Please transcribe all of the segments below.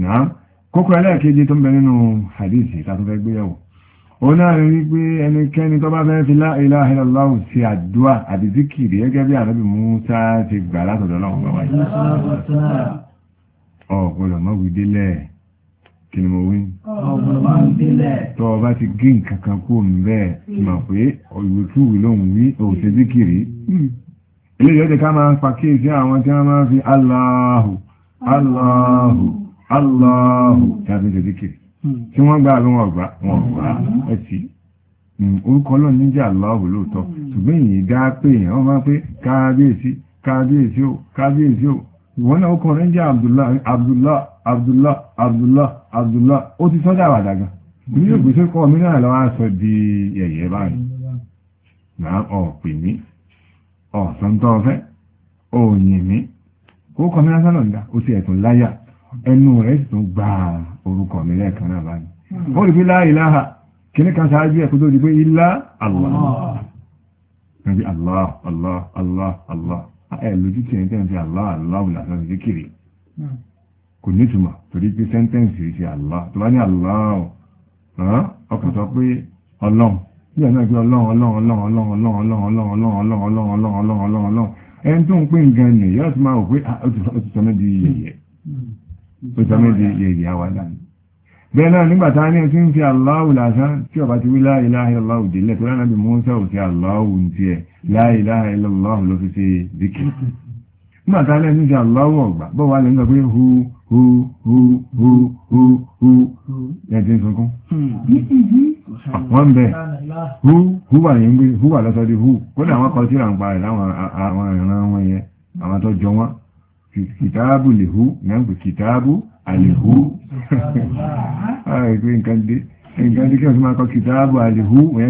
náà kókó ẹlẹ́ẹ̀kejì tó ń bẹ nínú hadith ìtàtún fẹ́ gbéyàwó òun náà rí wípé ẹnikẹ́ni tó bá fẹ́ fi la ilaha illallah sí àdúà àti zikiri gẹ́gẹ́ bí ànábì Mùsá ti gbà látọ̀dọ̀ ọlọ́run bá wáyé Allahu Allahu Allahu tàbí ìdíkìrì tí wọ́n gbá àwọn ọ̀gbá wọn ọ̀gbá ẹ̀tì orúkọ lọ níjà Allahu lóòótọ́ hmm. ṣùgbọ́n èyí dá pé èèyàn wọ́n máa pé káàbíyèsí káàbíyèsí ò káàbíyèsí ò ìwọ́n náà kọ́ rẹ̀ ń jẹ́ Abdullah Abdullah Abdullah Abdullah Abdullah ó ti sọ́jà àwàdà gan ní hmm. yóò gbèsè di yẹ̀yẹ́ báyìí náà ọ̀pẹ̀ mí ọ̀sán tó fẹ́ òyìn mí ó kọ́ mi náà sọ́nà hmm. ń dá ẹnu rẹ̀ sì tún gba orúkọ mi lẹ́ẹ̀kan náà báyìí ó rí fi la ilaha kìíní kan ṣáájú ẹ̀kú tó di pé ilá Allah ẹ̀bí Allah Allah Allah Allah ẹ̀ lójú tí ẹ̀ ń tẹ́ ń fi Allah Allah làtọ́ sí kiri kò ní ìtumọ̀ torí pé sẹ́ńtẹ́ǹsì rí sí Allah tó bá ní Allah ọkàn sọ pé ọlọ́run bí ẹ̀ náà gbé ọlọ́run ọlọ́run ọlọ́run ọlọ́run ọlọ́run ọlọ́run ọlọ́run ọlọ́run ọlọ́run ọlọ́run ọlọ́run ọlọ́run ẹni tó ń pín gan nìyí ọ̀tún máa wò pé ó ti sọ mí di yẹ̀yẹ̀ ọjọ́ méjì yẹ̀yẹ̀ wà láàrin bẹ́ẹ̀ náà nígbàtá ní ẹtí fi aláwù lásán tí ọba ti wí la ilaha illallah tó lánàá bí ò ti aláwù ń la ilaha illallah ló fi ṣe díkì ní fi aláwù ọ̀gbà bọ́ wà hu hu hu hu hu hu sunkún hu hu wà ní hu wà hu kódà wọ́n sí àǹpa láwọn kìtàbù lihu, ìyàǹkù kìtàbù alihu. àìpé ah, nǹkan dé nǹkan dé kí alihu. ti máa kọ kìtàbù hu? wọ́n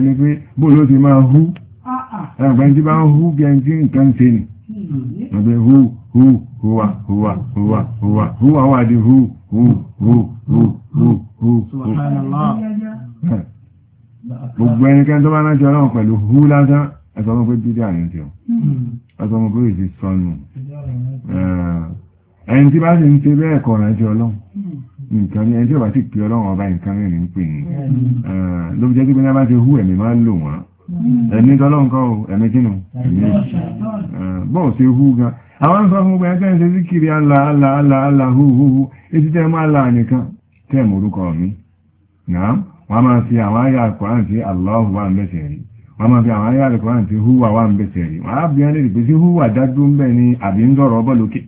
ní hu, bóòlù ó ti hu, hu, ẹgbẹ́ tí bá ń hú bí hmm. di hu, hu, hu, hu, hu, hu. Subhanallah. húwa húwa húwa húwa húwa wà dé hú gbogbo ẹnikẹ́ni tó bá rántí ọlọ́run pẹ̀lú hú lásán ẹsọ́mọ́ pé bídà ní tí ó hmm. ẹsọ́mọ́ pé èsì sọnù eh, ẹni tí bá sì ń ṣe bẹ́ẹ̀ kọ̀ rántí ọlọ́run hmm. nǹkan ní ẹni tí ó bá sì pé ọlọ́run ọba nǹkan mẹ́rin ń pè ní eh, ló fi jẹ́ pé bá ti hú ẹ̀mí máa ń lò wọ́n hmm. ẹ̀mí tọ́lọ́run kọ́ o ẹ̀mí kínú ẹ̀mí bọ́ọ̀ eh, ṣe hú gan àwọn sọ fún gbẹ́ẹ́ tẹ́ǹsẹ̀ sí kiri ala ala ala ala hu hu hu etí tẹ́ máa la nìkan tẹ́ mọ̀ orúkọ mi náà wọ́n máa fi àwọn àyà àkùrán sí aláhùwà mẹ́sẹ̀ wọ́n máa fi àwọn ayé àlùkòrán tí húwà wà ń bẹ̀tẹ̀ rí wọ́n á bí wọ́n lè rí pé sí húwà dájú ń bẹ ní àbí ń sọ̀rọ̀ ọbọ̀ lókè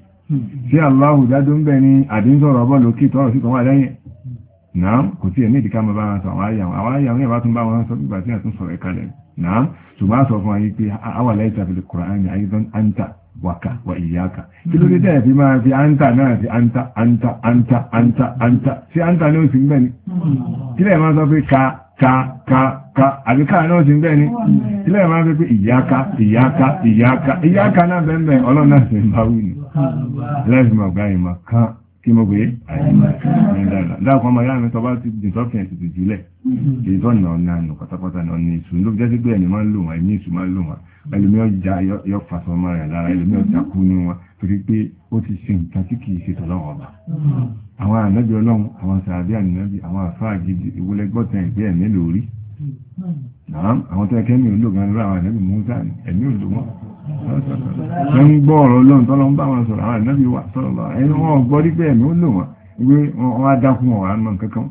sí aláhù dájú ń bẹ ní àbí ń sọ̀rọ̀ ọbọ̀ lókè tọ́rọ̀ sí kan wà lẹ́yìn náà kò sí ẹ̀mí ìdíkà máa bá wọn sọ àwọn ayé àwọn àwọn ayé àwọn ìbá tún bá wọn sọ nígbà tí a tún sọ̀rọ̀ ẹ̀kalẹ̀ náà ṣùgbọ́n a sọ fún ayé pé àwà láì tàbí lè kọ̀rọ̀ àyìn ayé tán áńtà wàkà wà ìyáka kí ló dé dẹ́ fi máa fi áńtà náà sí áńtà áńtà áńtà áńtà áńtà sí áńtà ní oṣù gbẹ̀ni kí lè máa sọ pé ka ka ka ká àbíká náà ti ń bẹ́ẹ̀ ni ilé ẹ̀ máa ń pẹ́ ìyáká ìyáká ìyáká ìyáká náà bẹ́ẹ̀ bẹ́ẹ̀ ọlọ́nà sì ń bá wù ní lẹ́sìn ọ̀gá ìmọ̀ kan kí mo gbé àyíká dáàkọ́ ọmọ yára mi tọ́ bá ti dìtọ́fìn ti jùlẹ̀ ètò ọ̀nà ọ̀nà ànà pátápátá náà ní ìṣù ló jẹ́ sí pé ẹni máa ń lò wọ́n ẹ̀mí ìṣù máa ń lò wọ́n ẹlòmí ọjà yọ àwọn tó ẹkẹ́ mi ò lògbọ́n lọ́wọ́ àwọn ẹ̀lẹ́bì mú sáà ẹ̀mí ò lògbọ́n wọ́n ń gbọ́ ọ̀rọ̀ lọ́n tọ́lọ ń bá wọn sọ̀rọ̀ àwọn ẹ̀lẹ́bì wà sọ̀rọ̀ ẹni wọ́n gbọ́ rí ẹ̀mí ó wọ́n á dákún ọ̀rọ̀ kankan